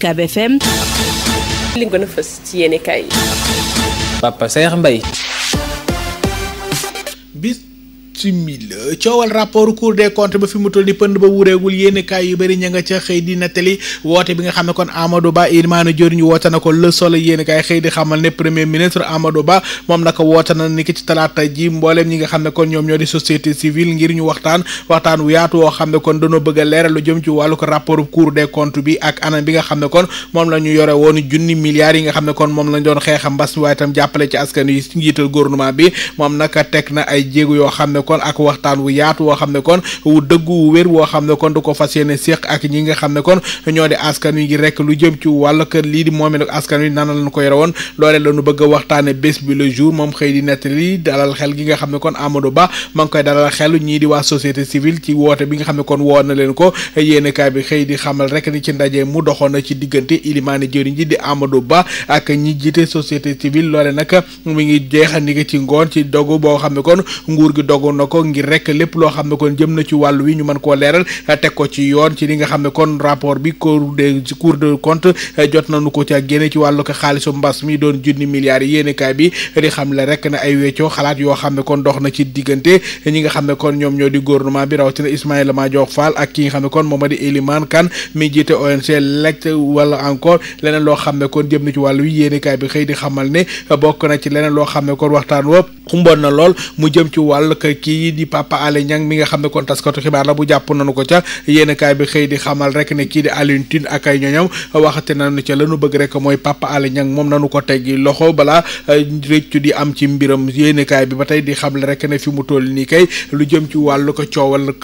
UCAB FM. li gën a fës ci yéen kaay. Papa Saer Mbaye. mille coowal rapport cour des comptes ba fi mu toll ni pënd ba wuréegul yénn kaay yu bëri ña nga ca xëy di nettali woote bi nga xam ne kon Amadou Ba Ilmaana Dior ñu woote na ko Le Soleil yénn xëy di xamal ne premier ministre Amadou Ba moom naka woote na ni ki ci talaata ji mbooleem ñi nga xam ne kon ñoom ñoo di société civile ngir ñu waxtaan waxtaan wu yaatu woo xam ne kon dañoo bëgg a leeral lu jëm ci wàllu ko rapport cour des bi ak anam bi nga xam ne kon moom la ñu yore woon junni milliards yi nga xam ne kon moom lañ doon xeexa mbas waaye itam ci askan yi njiital gouvernement bi moom naka teg na ay jéegu yoo xam ne kon ak waxtaan wu yaatu woo xam ne kon wu dëggu wu wér woo xam ne kon du ko fas yéene séq ak ñi nga xam ne kon ñoo di askan wi ngi rek lu jëm ci wàllu kër lii di moomeel ak askan wi nana lañu ko yore woon loolee lañu bëgg a waxtaane bés bi le jour moom xëy di nettali dalal xel gi nga xam ne kon Amadou Ba ma ngi koy dalal xel ñii di waa société civile ci woote bi nga xam ne kon woo na leen ko yéenekaay bi xëy di xamal rek ni ci ndaje mu doxoon na ci diggante ilimaane jëriñ ji di Amadou Ba ak ñi jiite société civile loole nag mi ngi jeexal ni nga ci ngoon ci dogu boo xam ne kon na ko ngir rek lépp loo xam ne kon jëm na ci wàll wi ñu mën koo leeral teg ko ci yoon ci li nga xam ne kon rapport bi cour des cour de compte jot nañu ko ci ak génne ci wàllu ko xaalisu mbas mi doon junni milliards yi yéenekaay bi di xam le rek ne ay weccoo xalaat yoo xam ne kon dox na ci diggante ñi nga xam ne kon ñoom ñoo di gouvernement bi rawatina Ismaïla Madior Fall ak ki nga xam ne kon moom a di Elimane Kane mi jiite ONG lect wala encore leneen loo xam ne kon jëm na ci wàll wi yéenekaay bi xëy di xamal ne bokk na ci leneen loo xam ne kon waxtaan wopp xumboon na lool mu jëm ci wàll kii di Papa Alé Niang mi nga xam ne kon taskatu xibaar la bu jàpp nañu ko ca yéen bi xëy di xamal rek ne kii di Alioune Tine ak ay ñoñam waxate nañu ca lañu bëgg rek mooy Papa Alé Niang moom nañu ko teggi loxo balaa eh, réccu di am ci mbiram yéen bi ba tey di xamle rek ne fi mu toll nii kay lu jëm ci wàllu ko coowal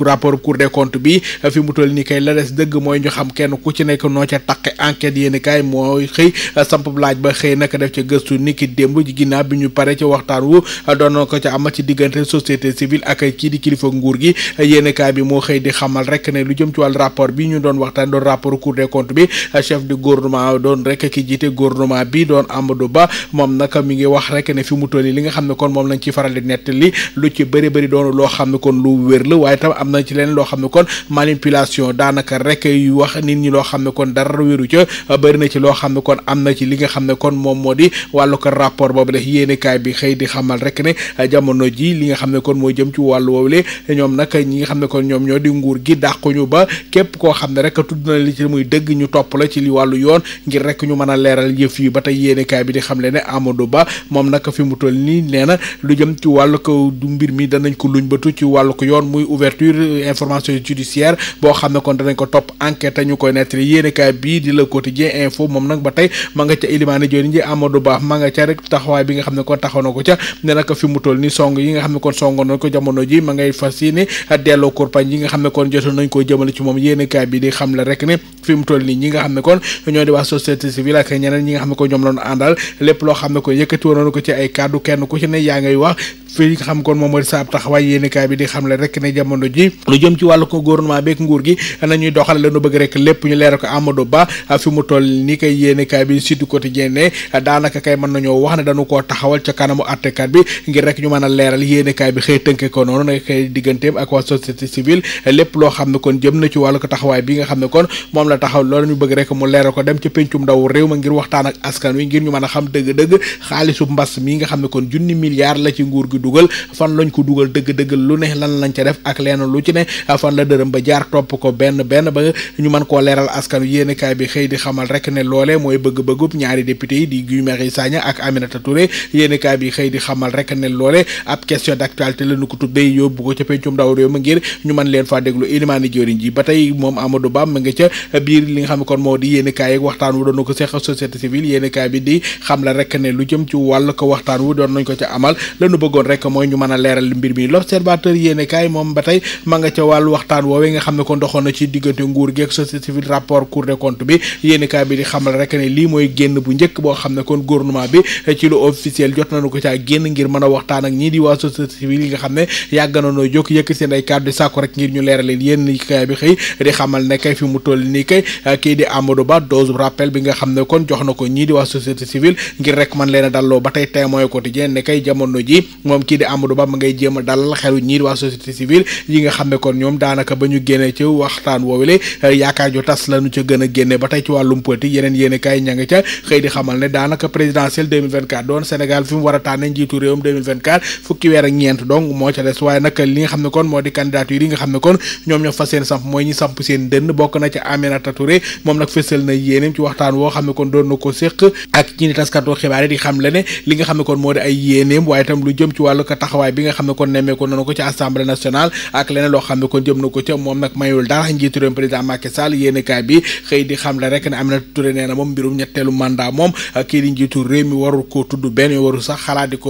rapport Cour des comptes bi eh, fi mu toll nii kay la dëgg mooy ñu xam kenn ku ci nekk noo ca taq enquête yéen kaay mooy xëy eh, samp laaj ba xëy naka def ca gëstu niki démb ginnaaw bi ñu pare ci waxtaan boobu doon na ko ca am ci diggante société civile ak kii di kilifa nguur gi yéen kaay bi moo xëy di xamal rek ne lu jëm ci wàllu rapport bi ñu doon waxtaan doon rapport cour des comptes bi chef du gouvernement doon rek ki jiite gouvernement bi doon Amadou Ba moom nag mi ngi wax rek ne fi mu toll li di nettali lu ci bëri loo xam ne kon lu loo xam ne kon manipulation daanaka rek yu wax nit loo xam ne kon dara wéru ca bëri na ci loo xam ne kon am na ci li nga xam ne kon moom moo di wàllu ko rapport boobu la yéen bi xëy di xam xamal rek li nga xam ne kon mooy jëm ci wàllu woowule ñoom ne kon ñoom ñoo di nguur gi dàquñu ba koo xam ne rek tudd na li ci ñu topp la ci li wàllu yoon ngir ñu mën a leeral yi ba tey yéenekaay bi di xam le ne Ba moom nag fi mu toll nii nee na lu jëm ci wàllu ko du mbir mi danañ ko luñ batu ci wàllu ko yoon muy ouverture information judiciaire boo xam ne kon danañ ko topp enquête ñu koy nettali yéenekaay bii di Le Quotidien info moom nag ba tey ma nga ca ilimaane joni ji Amadou Ba ma nga ca rek taxawaay bi nga xam ne kon taxaw na ko ca ne nag fi mu toll ni song yi nga xam ne kon songoon nañ ko jamono ji ma ngay fas yi ne kon jotoon nañ koo jëmale ci moom yéen kaay bi di xam la rek ne fi mu toll nii ñi nga xam ne kon ñoo di waa société civile ak ko ñoom ci ay yaa ngay wax fii nga xam kon moom mooy taxawaay yéenekaay bi di xam le rek ne jamono ji lu jëm ci wàllu ko gouvernement beeg nguur gi nañuy doxal lañu bëgg rek lépp ñu leeral ko Ba fi mu kay yéenekaay bi Sud Quotidien ne daanaka kay mën nañoo wax ne dañu koo taxawal ca kanamu àtte àttekat bi ngir rek ñu mën a leeral yéenekaay bi xam ne kon jëm na ci wàllu ko taxawaay bi nga xam ne kon moom la taxaw loolu ñu bëgg rek mu leeral ko dem ci pencum ndaw réew ma ngir waxtaan ak askan wi ngir ñu mën a xam dëgg-dëgg xaalisu mbas mi nga xam ne kon junni milliard la ci nguur gi dugal fan lañ ko dugal dëgg-dëgg lu ne lan lañ ca def ak leen lu ci ne fan la dërëm ba jaar topp ko benn benn ba ñu mën koo leeral askan wi yéenekaay bi xëy di xamal rek ne loole mooy bëgg bëggu ñaari député yi di Guy Marius Sagna ak Aminata Touré yéenekaay bi xëy di xamal rek ne loole ab question d'actualité la nu ko tuddee yóbbu ko ca pencum moom Amadou Ba mu nga ca biir li nga xam ne moo di yéeni kaay waxtaan wu doon ko seq société civile yéeni kaay bi di xam doon nañ ko ca amal la nu mooy ñu mën a leeral mbir mi l'observateur yéeni kaay moom ba tey ma nga ca wàllu waxtaan woowee nga xam ne kon doxoon na ci diggante nguur gi ak société civile rapport cour des comptes bi yéeni di xamal rek ne lii mooy génn bu njëkk boo xam ne kon gouvernement bi ci lu officiel jot nañu ko caa génn ngir mën a waxtaan ak ñii di waa société civile yi nga xam ne ñu leeraleen yéen ni kaay bi xëy di xamal ne nii ah, kii di Amadou Ba dose bi nga xam ne kon jox na ko ñii di waa société civile ngir rek man leen a dalloo ba tey témoin quotidien ne kay jamono ji moom kii di Amadou Ba ma ngay jéem a dalal xelu ñii di waa société civile yi nga xam ne kon ñoom daanaka ba ñu génnee ci waxtaan woowule ah, yaakaar ju tas lañu ca gën a génne ba tey ci wàllum politique yeneen yéen i kaay ña nga ca xëy di xamal ne daanaka présidentielle 2024 doon Sénégal fi mu war njiitu réewam fukki weer ak ñeent donc moo ca des waaye nag li nga xam ne kon moo di candidature yi nga xam ne kon ñoom ñoo fas seen samp mooy ñi samp seen dënn bokk na ca Aminata Touré moom mbirum ñetteelu mandat moom kii di njiitu réew mi warul ko tudd benn warul sax xalaat di ko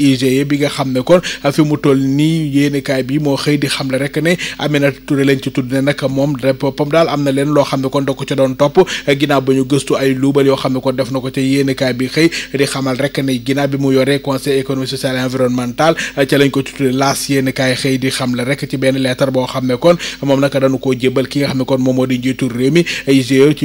IGE bi nga xam ne kon fi mu toll nii yéenekaay bi moo xëy di xamle rek ne Aminata Touré lañ ci tudd ne nag moom boppam daal am na leen loo xam ne kon da ko ca doon topp ginnaaw ba ñu ay luubal yoo xam ne kon def na ko ca yéenekaay bi xëy di rek ne ginnaaw bi mu yoree conseil économique social et environnemental ca ci tudd laas yéenekaay xëy di xamle rek ci benn lettre boo xam ne kon moom naka dañu koo jébal ki nga xam ne kon moom moo di njiitu réew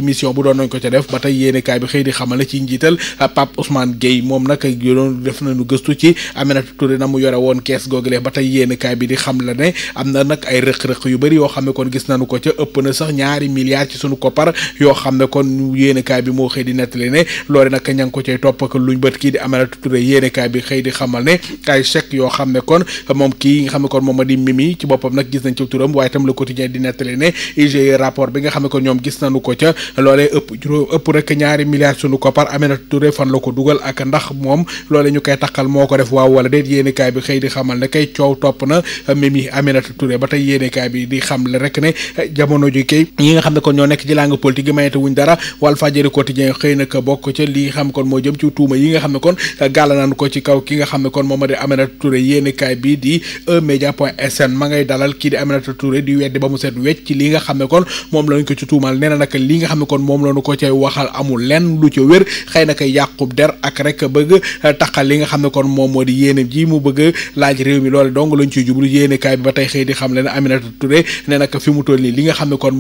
mission bu doon nañ ko ca def ba tey yéenekaay bi xëy di xamal ne ci njiital Pape Ousmane Gueye moom nag doon def nañu gëstu ci Aminata Touré na mu yore woon kees googulee ba tey yéen kaay bi di xam la ne am na nag ay rëq-rëq yu bari yoo xam ne kon gis nañu ko ca ëpp na sax ñaari milliards ci sunu koppar yoo xam ne kon yéen kaay bi moo xëy di nettali ne loole nag ña ngi ko cay topp ak luñ bët kii di Aminata Touré yéen kaay bi xëy di xamal ne ay chèque yoo xam ne kon moom kii nga xam ne kon moom ma di mimi ci boppam nag gis nañ ci turam waaye tam le quotidien di nettali ne IGE rapport bi nga xam ne kon ñoom gis nañu ko ca loolee ëpp ëpp rek ñaari milliards sunu koppar Aminata Touré fan la ko dugal ak ndax moom loole ñu koy takkal moo ko def def waaw wala déet yéenekaay bi xëy di xamal ne kay coow topp na Mimi Aminata Touré ba tey yéenekaay bi di xam le rek ne eh, jamono ji kay ñi nga xam ne kon ñoo nekk ci langue politique gi mayete wuñ dara Walf Fadjri quotidien yi nga xam ne kon eh, moom ma ko ci tuumal nee na li nga xam ne kon moom lañu ko cay waxal amul lenn lu ca wér xëy na kay yàqub der ak rek bëgg eh, taqal li nga xam ne kon moom moo di yéene ji mu bëgg laaj réew mi loole dong lañ ciy jublu yéene bi ba tey xëy xam le ne Aminata Touré ne nag fi mu toll nii li nga xam kon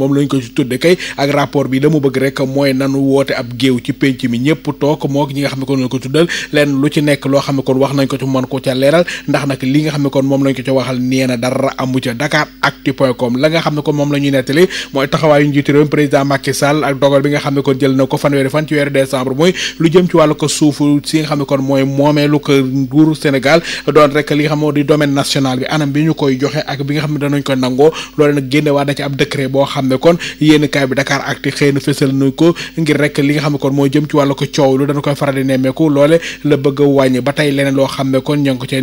moom lañ nettali mooy taxawaayu njiitu réew président lu jëm ci wàllu ko suufu si nga xam kon mooy moomeelu ko turu Sénégal doon rek li nga xam di domaine national bi anam bi ñu koy joxe ak bi nga xam ne danañ ko da ci ab koy faral loole la bëgg a wàññi ba tey leneen loo xam ne kon ña ko cay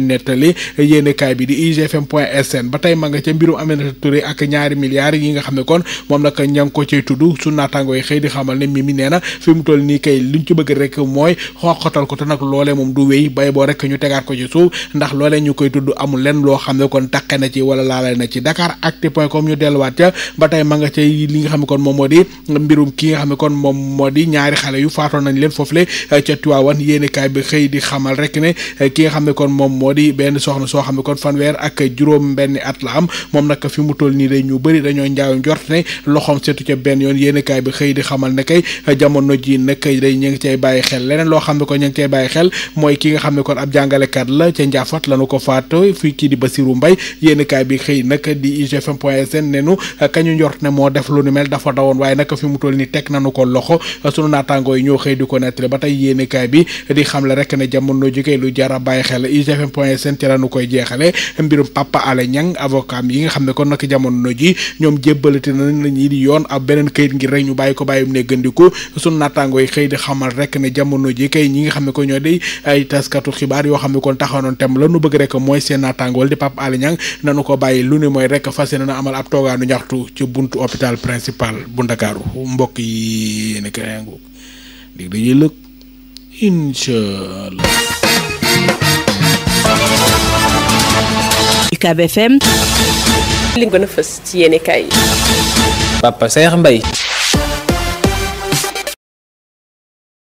ba ma nga ca mbirum Aminata Touré ak yi nga xam ne kon moom nag ña ngi ko cay tudd su naataangoo yi xëy di xamal ne mi mi nee nii kay liñ ci bëgg rek mooy xoqatal ko te nag loolee moom du wéy bay boo rek ñu teg tegaat ko ci suuf ndax loolee ñu koy tudd amul lenn loo xam ne kon taqe na ci wala laale na ci Dakaractu point com ñu delluwaat ca ba tey ma nga ca li nga xam ne kon moom moo di mbirum kii nga xam ne kon moom moo di ñaari xale yu faatoon nañ leen foofule eh, ca Tiwaawan yéenekaay bi xëy di xamal rek ne eh, ki nga xam ne kon moom moo di benn soxna soo xam ne kon fanweer ak juróom benn at la am moom nag fi mu toll nii day ñu bëri dañoo njaaw njort ne loxoom seetu ca benn yoon yéenekaay bi xëy di xamal ne kay eh, jamono ji nag day ñu ngi cay bàyyi xel leneen loo xam ne kon ñu ngi cay bàyyi xel mooy ki nga xam jàngalekat la ca Ndiaffate la nu ko faat fii kii di Basirou Mbaye yéen kaay bi xëy nag di IGFM point sn ne kañu njort ne moo def lu ni mel dafa dawoon waaye nag fi mu toll ni teg nanu ko loxo sunu naataangoo xëy di a xamal rek ne jamono ji kay ñi nga xam ne ko ñoo day ay taskatu xibaar yoo xam xam ne kon taxawnoon tem la bëgg rekk mooy seen naataangool di Pape Alé nanu ko bàyyi lu ni mooy rek fas yéene na amal ab toogaanu ñaxtu ci buntu hôpital principal bu Ndakaaru mbokk yi nekk ngo dig dañuy lëg inchallah